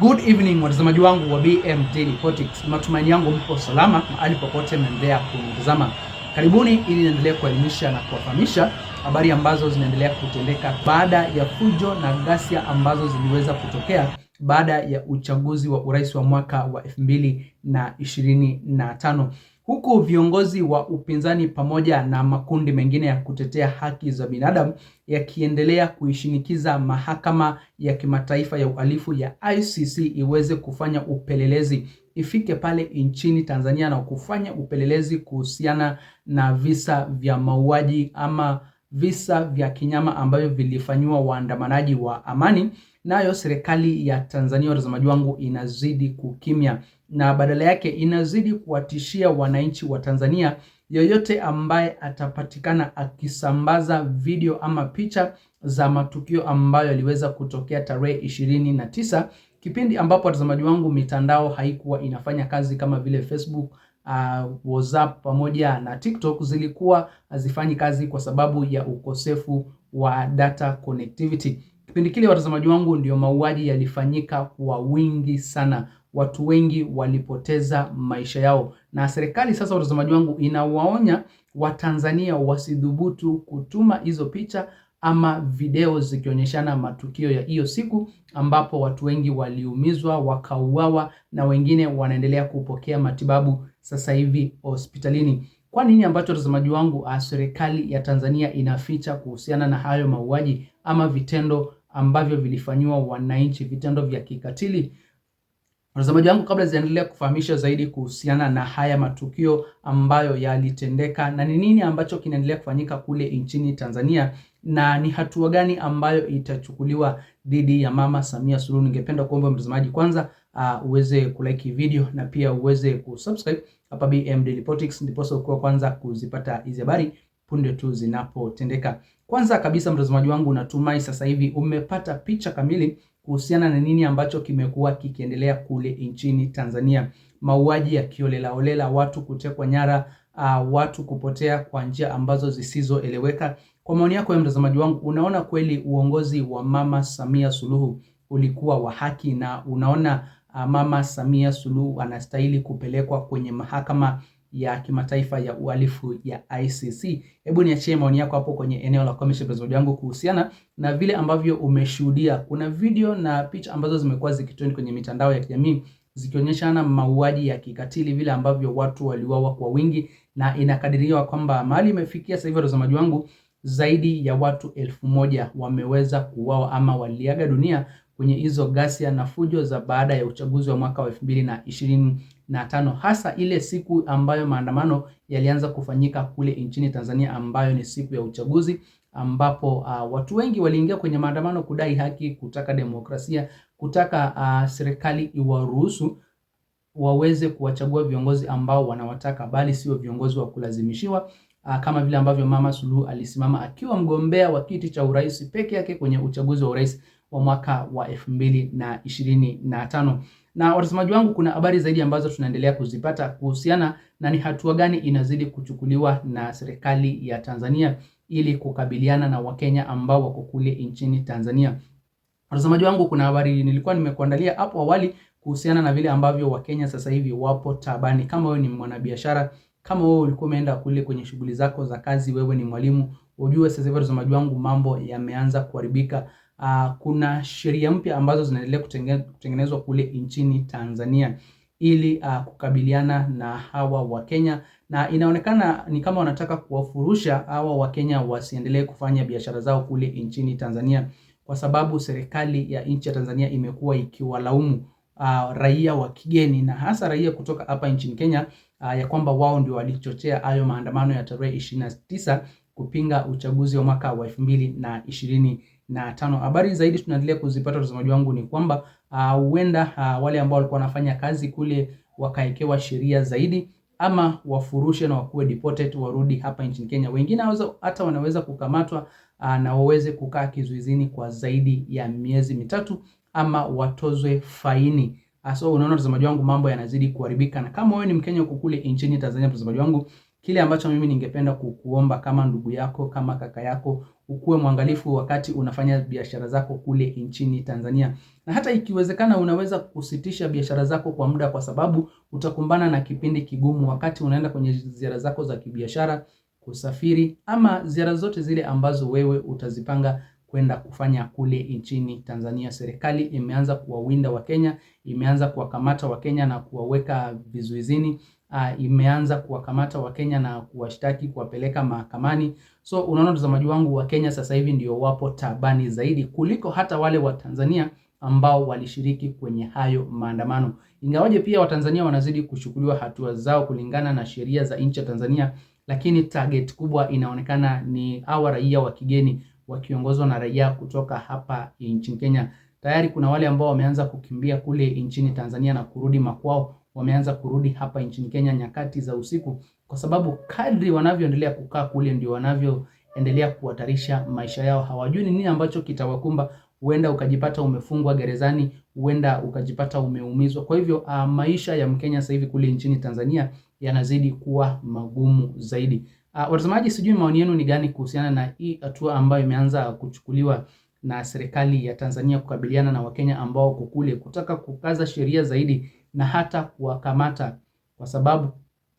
Good evening watazamaji wangu wa BM Daily Politics, matumaini yangu mpo salama mahali popote mnaendelea kunitazama. Karibuni ili niendelee kuelimisha na kuwafahamisha habari ambazo zinaendelea kutendeka baada ya fujo na ghasia ambazo ziliweza kutokea baada ya uchaguzi wa urais wa mwaka wa 2025. na na huku viongozi wa upinzani pamoja na makundi mengine ya kutetea haki za binadamu yakiendelea kuishinikiza mahakama ya kimataifa ya uhalifu ya ICC iweze kufanya upelelezi, ifike pale nchini Tanzania na kufanya upelelezi kuhusiana na visa vya mauaji ama visa vya kinyama ambavyo vilifanyiwa waandamanaji wa amani. Nayo serikali ya Tanzania, watazamaji wangu, inazidi kukimya na badala yake inazidi kuwatishia wananchi wa Tanzania yoyote ambaye atapatikana akisambaza video ama picha za matukio ambayo yaliweza kutokea tarehe ishirini na tisa kipindi ambapo watazamaji wangu mitandao haikuwa inafanya kazi kama vile Facebook, uh, WhatsApp pamoja na TikTok zilikuwa hazifanyi kazi kwa sababu ya ukosefu wa data connectivity. Kipindi kile watazamaji wangu, ndio mauaji yalifanyika kwa wingi sana watu wengi walipoteza maisha yao, na serikali sasa, watazamaji wangu, inawaonya Watanzania wasidhubutu kutuma hizo picha ama video zikionyeshana matukio ya hiyo siku ambapo watu wengi waliumizwa wakauawa, na wengine wanaendelea kupokea matibabu sasa hivi hospitalini. Kwa nini ambacho watazamaji wangu ah, serikali ya Tanzania inaficha kuhusiana na hayo mauaji ama vitendo ambavyo vilifanyiwa wananchi, vitendo vya kikatili? Mtazamaji wangu, kabla ziendelea kufahamisha zaidi kuhusiana na haya matukio ambayo yalitendeka na ni nini ambacho kinaendelea kufanyika kule nchini Tanzania na ni hatua gani ambayo itachukuliwa dhidi ya Mama Samia Suluhu, ningependa kuomba mtazamaji kwanza uh, uweze kulike video na pia uweze kusubscribe hapa BM Daily Politics, ndiposa ukuwa kwanza kuzipata hizi habari punde tu zinapotendeka. Kwanza kabisa, mtazamaji wangu, natumai sasa hivi umepata picha kamili kuhusiana na nini ambacho kimekuwa kikiendelea kule nchini Tanzania, mauaji ya kiolelaolela, watu kutekwa nyara, uh, watu kupotea kwa njia ambazo zisizoeleweka. Kwa maoni yako ya mtazamaji wangu, unaona kweli uongozi wa Mama Samia Suluhu ulikuwa wa haki na unaona Mama Samia Suluhu anastahili kupelekwa kwenye mahakama ya kimataifa ya uhalifu ya ICC. Hebu niachie maoni yako hapo kwenye eneo la comment episode yangu kuhusiana na vile ambavyo umeshuhudia. Kuna video na picha ambazo zimekuwa zikitrend kwenye mitandao ya kijamii zikionyeshana mauaji ya kikatili, vile ambavyo watu waliuawa kwa wingi, na inakadiriwa kwamba mahali imefikia sasa hivi, watazamaji wangu, zaidi ya watu elfu moja wameweza kuuawa ama waliaga dunia kwenye hizo ghasia na fujo za baada ya uchaguzi wa mwaka wa elfu mbili na ishirini na tano hasa ile siku ambayo maandamano yalianza kufanyika kule nchini Tanzania ambayo ni siku ya uchaguzi ambapo uh, watu wengi waliingia kwenye maandamano kudai haki, kutaka demokrasia, kutaka uh, serikali iwaruhusu waweze kuwachagua viongozi ambao wanawataka, bali sio viongozi wa kulazimishiwa uh, kama vile ambavyo Mama Suluhu alisimama akiwa mgombea wa kiti cha urais peke yake kwenye uchaguzi wa urais wa mwaka wa elfu mbili na ishirini na tano. Na watazamaji wangu, kuna habari zaidi ambazo tunaendelea kuzipata kuhusiana na ni hatua gani inazidi kuchukuliwa na serikali ya Tanzania ili kukabiliana na Wakenya ambao wako kule nchini Tanzania. Watazamaji wangu, kuna habari nilikuwa nimekuandalia hapo awali kuhusiana na vile ambavyo Wakenya sasa hivi wapo tabani. Kama wewe ni mwanabiashara, kama wewe ulikuwa umeenda kule kwenye shughuli zako za kazi, wewe ni mwalimu, ujue sasa hivi watazamaji wangu, mambo yameanza kuharibika uh, kuna sheria mpya ambazo zinaendelea kutengenezwa kule nchini Tanzania ili uh, kukabiliana na hawa Wakenya na inaonekana ni kama wanataka kuwafurusha hawa Wakenya wasiendelee kufanya biashara zao kule nchini Tanzania kwa sababu serikali ya nchi ya Tanzania imekuwa ikiwalaumu uh, raia wa kigeni na hasa raia kutoka hapa nchini Kenya uh, ya kwamba wao ndio walichochea hayo maandamano ya tarehe 29 kupinga uchaguzi wa mwaka wa na tano. Habari zaidi tunaendelea kuzipata watazamaji wangu ni kwamba ah, huenda uh, uh, wale ambao walikuwa wanafanya kazi kule wakaekewa sheria zaidi ama wafurushe na wakuwe deported warudi hapa nchini Kenya. Wengine hata wanaweza kukamatwa uh, na waweze kukaa kizuizini kwa zaidi ya miezi mitatu ama watozwe faini. So unaona mtazamaji wangu, mambo yanazidi kuharibika, na kama wewe ni Mkenya uko kule nchini Tanzania, mtazamaji wangu Kile ambacho mimi ningependa kukuomba kama ndugu yako, kama kaka yako, ukuwe mwangalifu wakati unafanya biashara zako kule nchini Tanzania, na hata ikiwezekana, unaweza kusitisha biashara zako kwa muda, kwa sababu utakumbana na kipindi kigumu wakati unaenda kwenye ziara zako za kibiashara, kusafiri ama ziara zote zile ambazo wewe utazipanga kwenda kufanya kule nchini Tanzania. Serikali imeanza kuwawinda Wakenya, imeanza kuwakamata Wakenya na kuwaweka vizuizini uh, imeanza kuwakamata Wakenya na kuwashtaki kuwapeleka mahakamani. So unaona mtazamaji wangu, Wakenya sasa hivi ndio wapo tabani zaidi kuliko hata wale wa Tanzania ambao walishiriki kwenye hayo maandamano, ingawaje pia Watanzania wanazidi kuchukuliwa hatua zao kulingana na sheria za nchi ya Tanzania, lakini target kubwa inaonekana ni hawa raia wa kigeni wakiongozwa na raia kutoka hapa nchini Kenya. Tayari kuna wale ambao wameanza kukimbia kule nchini Tanzania na kurudi makwao wameanza kurudi hapa nchini Kenya nyakati za usiku, kwa sababu kadri wanavyoendelea kukaa kule ndio wanavyoendelea kuhatarisha maisha yao. Hawajui ni nini ambacho kitawakumba. Huenda ukajipata umefungwa gerezani, huenda ukajipata umeumizwa. Kwa hivyo a, ah, maisha ya Mkenya sasa hivi kule nchini Tanzania yanazidi kuwa magumu zaidi. A, ah, watazamaji, sijui maoni yenu ni gani kuhusiana na hii hatua ambayo imeanza kuchukuliwa na serikali ya Tanzania kukabiliana na Wakenya ambao kukule kutaka kukaza sheria zaidi na hata kuwakamata kwa sababu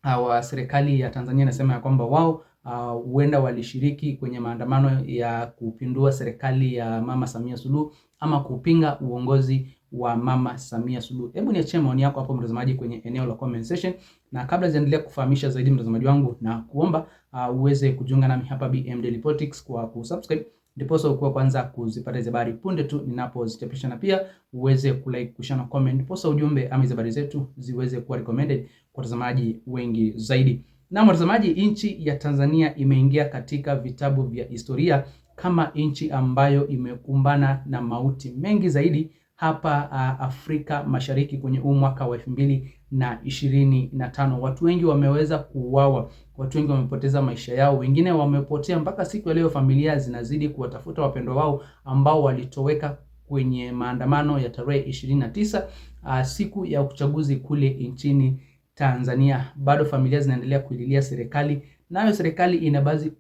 ah, wa serikali ya Tanzania inasema ya kwamba wao ah, huenda uh, walishiriki kwenye maandamano ya kupindua serikali ya Mama Samia Suluhu ama kupinga uongozi wa Mama Samia Suluhu. Hebu niachie maoni yako hapo mtazamaji, kwenye eneo la comment section, na kabla ziendelea kufahamisha zaidi mtazamaji wangu, na kuomba uh, uweze kujiunga nami hapa BM Daily Politics kwa kusubscribe ndiposa ukuwa kwanza kuzipata hizo habari punde tu ninapozichapisha, na pia uweze kulike, kushare na comment, ndiposa ujumbe ama hizo habari zetu ziweze kuwa recommended kwa watazamaji wengi zaidi. Na watazamaji, nchi ya Tanzania imeingia katika vitabu vya historia kama nchi ambayo imekumbana na mauti mengi zaidi hapa uh, Afrika Mashariki kwenye huu mwaka wa elfu mbili na ishirini na tano. Watu wengi wameweza kuuawa, watu wengi wamepoteza maisha yao, wengine wamepotea mpaka siku ya leo. Familia zinazidi kuwatafuta wapendwa wao ambao walitoweka kwenye maandamano ya tarehe 29 na tisa uh, siku ya uchaguzi kule nchini Tanzania. Bado familia zinaendelea kuililia serikali, nayo serikali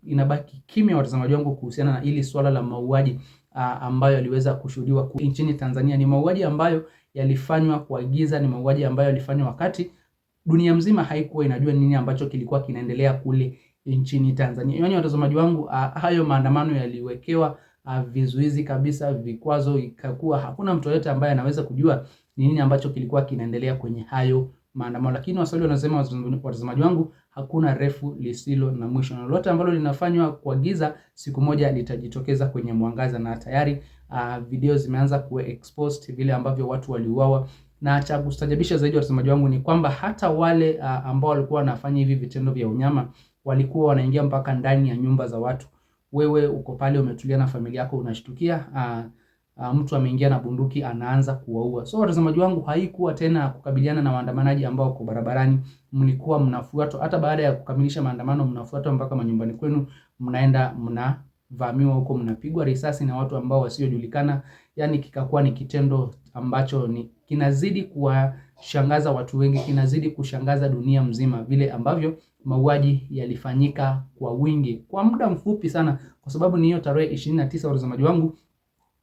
inabaki kimya, watazamaji wangu, kuhusiana na hili swala la mauaji uh, ambayo yaliweza kushuhudiwa nchini Tanzania. Ni mauaji ambayo yalifanywa kwa giza, ni mauaji ambayo yalifanywa wakati dunia mzima haikuwa inajua nini ambacho kilikuwa kinaendelea kule nchini Tanzania. Yaani watazamaji wangu, uh, hayo maandamano yaliwekewa uh, vizuizi kabisa, vikwazo, ikakuwa hakuna mtu yoyote ambaye anaweza kujua nini ambacho kilikuwa kinaendelea kwenye hayo maandamano. Lakini Waswahili wanasema, watazamaji wangu hakuna refu lisilo na mwisho, na lolote ambalo linafanywa kwa giza siku moja litajitokeza kwenye mwangaza. Na tayari uh, video zimeanza kuwe exposed vile ambavyo watu waliuawa, na cha kustajabisha zaidi, watazamaji wangu, ni kwamba hata wale uh, ambao walikuwa wanafanya hivi vitendo vya unyama walikuwa wanaingia mpaka ndani ya nyumba za watu. Wewe uko pale umetulia na familia yako, unashtukia uh, Uh, mtu ameingia na bunduki anaanza kuwaua. So watazamaji wangu, haikuwa tena kukabiliana na waandamanaji ambao wako barabarani, mlikuwa mnafuatwa, hata baada ya kukamilisha maandamano mnafuatwa mpaka manyumbani kwenu, mnaenda mnavamiwa huko, mnapigwa risasi na watu ambao wasiojulikana. Yani kikakuwa ni kitendo ambacho ni kinazidi kuwashangaza watu wengi, kinazidi kushangaza dunia mzima, vile ambavyo mauaji yalifanyika kwa wingi kwa muda mfupi sana, kwa sababu ni hiyo tarehe 29 na watazamaji wangu,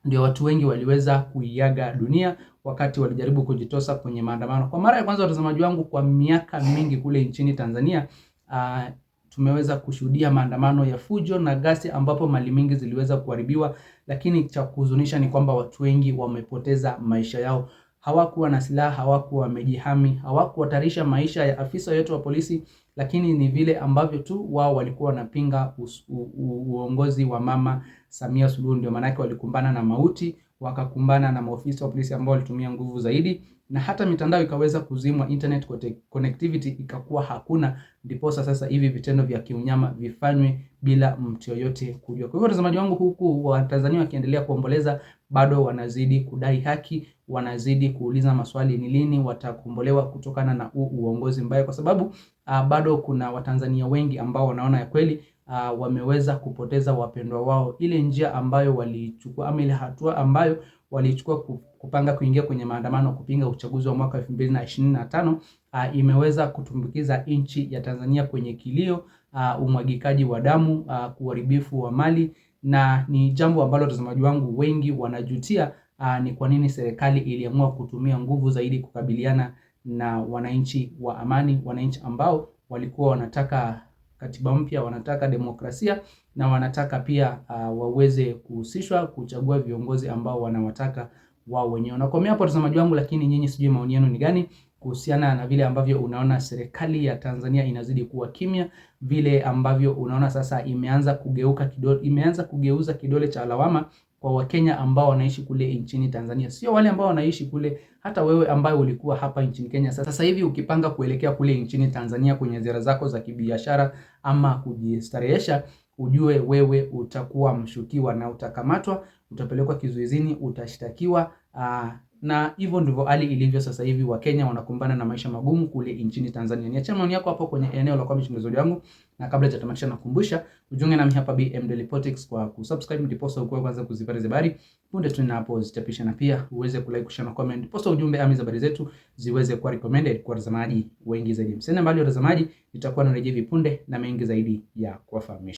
ndio watu wengi waliweza kuiaga dunia wakati walijaribu kujitosa kwenye maandamano. Kwa mara ya kwanza, watazamaji wangu, kwa miaka mingi kule nchini Tanzania uh, tumeweza kushuhudia maandamano ya fujo na ghasia ambapo mali mingi ziliweza kuharibiwa, lakini cha kuhuzunisha ni kwamba watu wengi wamepoteza maisha yao. Hawakuwa na silaha, hawakuwa wamejihami, hawakuhatarisha maisha ya afisa yetu wa polisi, lakini ni vile ambavyo tu wao walikuwa wanapinga uongozi wa Mama Samia Suluhu, ndio maanake walikumbana na mauti wakakumbana na maofisa wa polisi ambao walitumia nguvu zaidi, na hata mitandao ikaweza kuzimwa, internet connectivity ikakuwa hakuna. Ndiposa sasa hivi vitendo vya kiunyama vifanywe bila mtu yoyote kujua. Kwa hivyo, watazamaji wangu, huku Watanzania wakiendelea kuomboleza, bado wanazidi kudai haki, wanazidi kuuliza maswali, ni lini watakombolewa kutokana na uongozi mbaya, kwa sababu ah, bado kuna Watanzania wengi ambao wanaona ya kweli uh, wameweza kupoteza wapendwa wao. Ile njia ambayo walichukua ama ile hatua ambayo walichukua kupanga kuingia kwenye maandamano kupinga uchaguzi wa mwaka 2025 uh, ah, imeweza kutumbukiza nchi ya Tanzania kwenye kilio, uh, umwagikaji wa damu, uh, uharibifu wa mali na ni jambo ambalo watazamaji wangu wengi wanajutia. Uh, ni kwa nini serikali iliamua kutumia nguvu zaidi kukabiliana na wananchi wa amani, wananchi ambao walikuwa wanataka katiba mpya, wanataka demokrasia na wanataka pia uh, waweze kuhusishwa kuchagua viongozi ambao wanawataka wao wenyewe. Nakomea hapo watazamaji wangu, lakini nyinyi, sijui maoni yenu ni gani kuhusiana na vile ambavyo unaona serikali ya Tanzania inazidi kuwa kimya, vile ambavyo unaona sasa imeanza kugeuka kidole, imeanza kugeuza kidole cha lawama kwa Wakenya ambao wanaishi kule nchini Tanzania, sio wale ambao wanaishi kule. Hata wewe ambaye ulikuwa hapa nchini Kenya, sasa hivi ukipanga kuelekea kule nchini Tanzania kwenye ziara zako za kibiashara ama kujistarehesha, ujue wewe utakuwa mshukiwa na utakamatwa, utapelekwa kizuizini, utashtakiwa aa, na hivyo ndivyo hali ilivyo sasa hivi. Wakenya wanakumbana na maisha magumu kule nchini Tanzania. Niachia maoni yako hapo kwenye eneo la comment mzuri wangu, na kabla ya sijatamatisha, nakumbusha ujiunge nami hapa BM Daily Politics kwa kusubscribe, ndipo sasa ukue kwanza kuzipata habari punde tu ninapo ninapozichapisha, na pia uweze kulike, kushare na comment, ndiposa ujumbe ama habari zetu ziweze kuwa recommended kwa watazamaji wengi zaidi. Msende mbali watazamaji, nitakuwa narejea hivi punde na mengi zaidi ya kuwafahamisha.